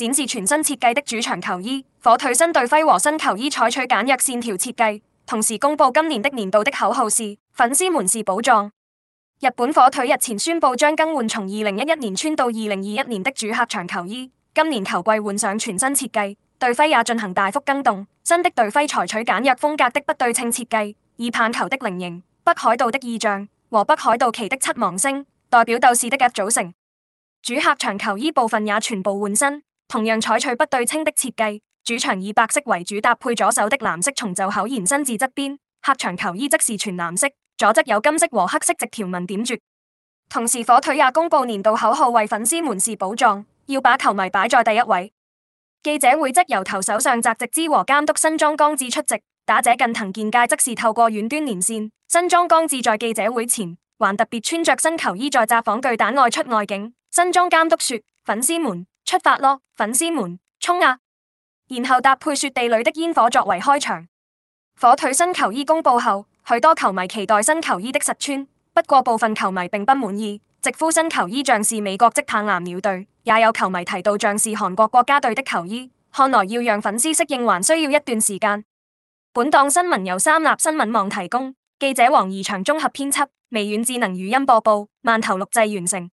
展示全新設計的主場球衣，火腿新隊徽和新球衣採取簡約線條設計。同時公布今年的年度的口號是：粉絲們是寶藏。日本火腿日前宣布將更換從二零一一年穿到二零二一年的主客場球衣，今年球季換上全新設計，隊徽也進行大幅更動。新的隊徽採取簡約風格的不對稱設計，以棒球的菱形、北海道的意象和北海道旗的七芒星代表鬥士的腳組成。主客場球衣部分也全部換新。同樣採取不對稱的設計，主場以白色為主，搭配左手的藍色從袖口延伸至側邊；客場球衣則是全藍色，左側有金色和黑色直條紋點綴。同時，火腿也公佈年度口號為粉絲們是寶藏，要把球迷擺在第一位。記者會則由投手上澤直之和監督新莊剛志出席，打者近藤健介則是透過遠端連線。新莊剛志在記者會前還特別穿着新球衣在札幌巨蛋外出外景。新莊監督說：粉絲們。出發咯，粉絲們衝啊！然後搭配雪地裏的煙火作為開場。火腿新球衣公布後，許多球迷期待新球衣的實穿，不過部分球迷並不滿意，直呼新球衣像是美國職棒藍鳥隊，也有球迷提到像是韓國國家隊的球衣。看來要讓粉絲適應，還需要一段時間。本檔新聞由三立新聞網提供，記者王宜祥綜合編輯，微軟智能語音播報，萬頭錄製完成。